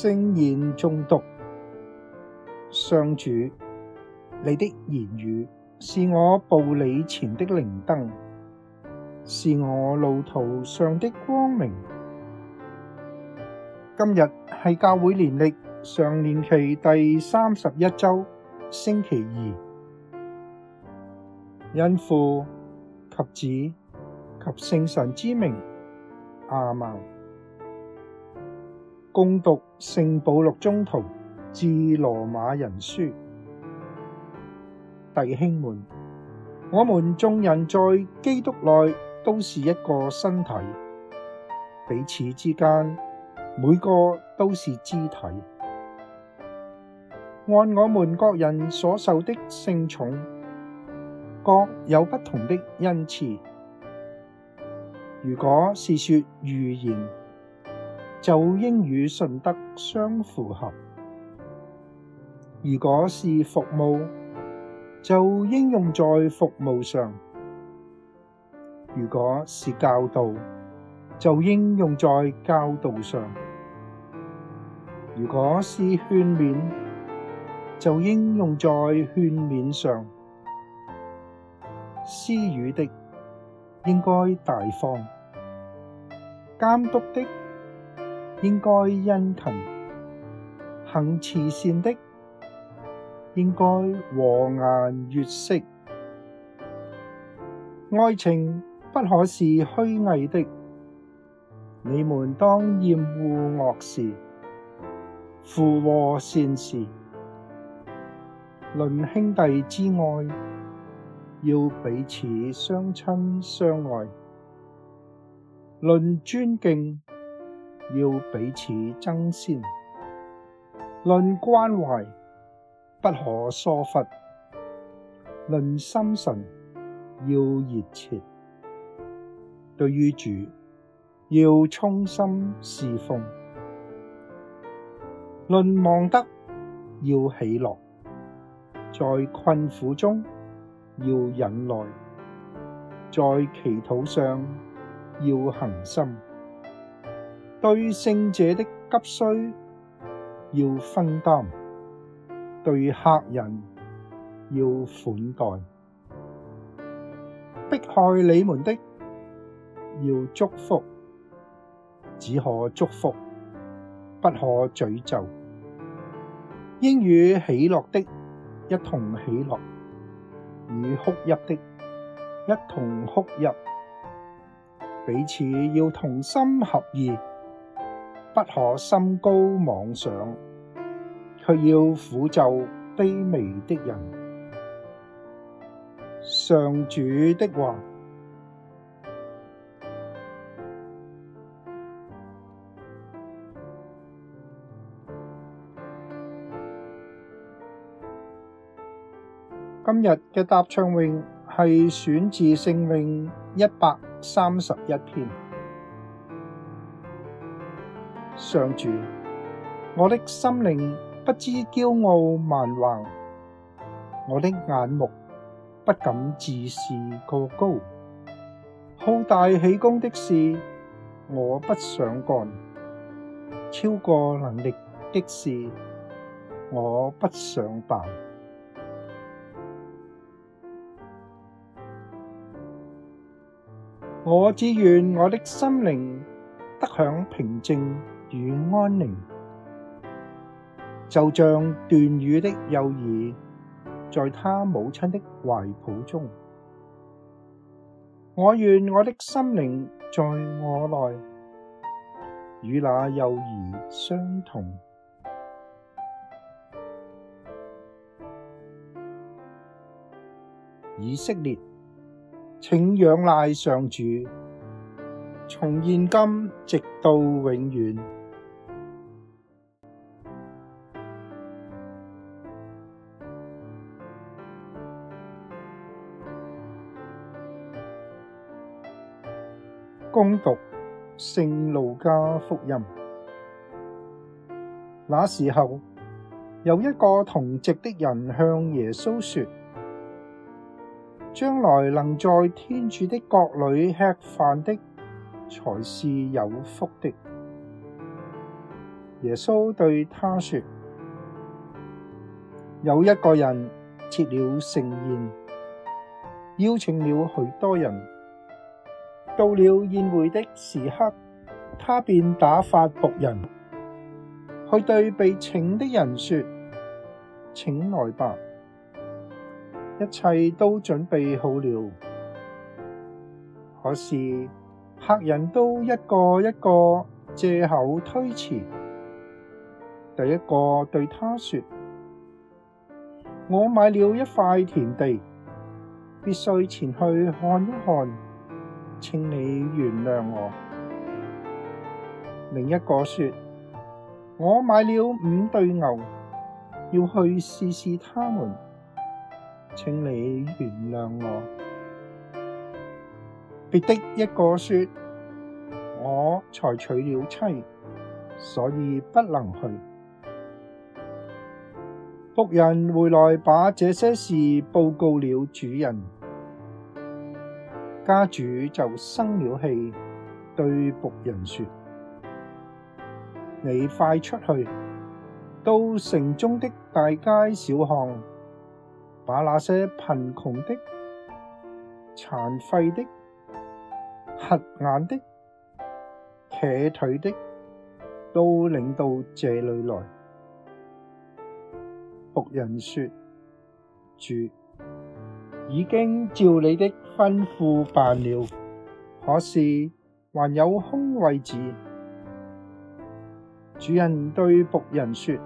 聖言誦讀，上主，你的言語是我步履前的靈燈，是我路途上的光明。今日係教會年曆常年期第三十一周星期二，因父及子及聖神之名，阿們。恭讀《聖保祿宗徒致羅馬人書》，弟兄們，我們眾人在基督內都是一個身體，彼此之間每個都是肢體。按我們各人所受的聖寵，各有不同的恩賜。如果是說預言，就應與信德相符合。如果是服務，就應用在服務上；如果是教導，就應用在教導上；如果是勸勉，就應用在勸勉上。施與的應該大方，監督的。應該殷勤行慈善的，應該和顏悅色。愛情不可是虛偽的。你們當厭惡惡事，附和善事。論兄弟之愛，要彼此相親相愛。論尊敬。要彼此爭先，論關懷，不可疏忽；論心神要熱切，對於主要衷心事奉；論望德要喜樂，在困苦中要忍耐，在祈禱上要恒心。對聖者的急需，要分擔，對客人要款待，迫害你們的要祝福，只可祝福，不可詛咒。應與喜樂的一同喜樂，與哭泣的一同哭泣，彼此要同心合意。不可心高妄想，卻要俯就卑微的人。上主的話。今日嘅答唱詠係選自聖詠一百三十一篇。上主，我的心靈不知驕傲蠻橫，我的眼目不敢自視過高，高，好大喜功的事我不想幹，超過能力的事我不想辦，我只願我的心靈得享平靜。與安寧，就像斷乳的幼兒在他母親的懷抱中。我願我的心靈在我內，與那幼兒相同。以色列，請仰賴上主，從現今直到永遠。恭讀聖路加福音，那時候，有一個同席的人向耶穌說：將來能在天主的國裏吃飯的，才是有福的。耶穌對他說：有一個人設了盛宴，邀請了許多人。到了宴會的時刻，他便打發僕人去對被請的人說：請來吧，一切都準備好了。可是客人都一個一個借口推辭。第一個對他說：我買了一塊田地，必須前去看一看。請你原諒我。另一個說：我買了五對牛，要去試試他們。請你原諒我。別的一個說：我才娶了妻，所以不能去。僕人回來把這些事報告了主人。家主就生了氣，對僕人說：你快出去，到城中的大街小巷，把那些貧窮的、殘廢的、瞎眼的、瘸腿的，都領到這裏來。僕人說：主。已經照你的吩咐辦了，可是還有空位置。主人對僕人說：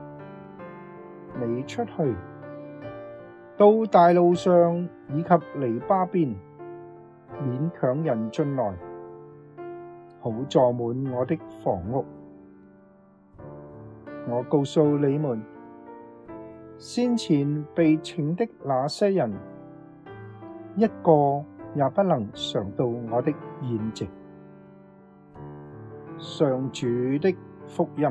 你出去，到大路上以及籬笆邊，勉強人進來，好坐滿我的房屋。我告訴你們，先前被請的那些人。一個也不能嘗到我的宴席。上主的福音。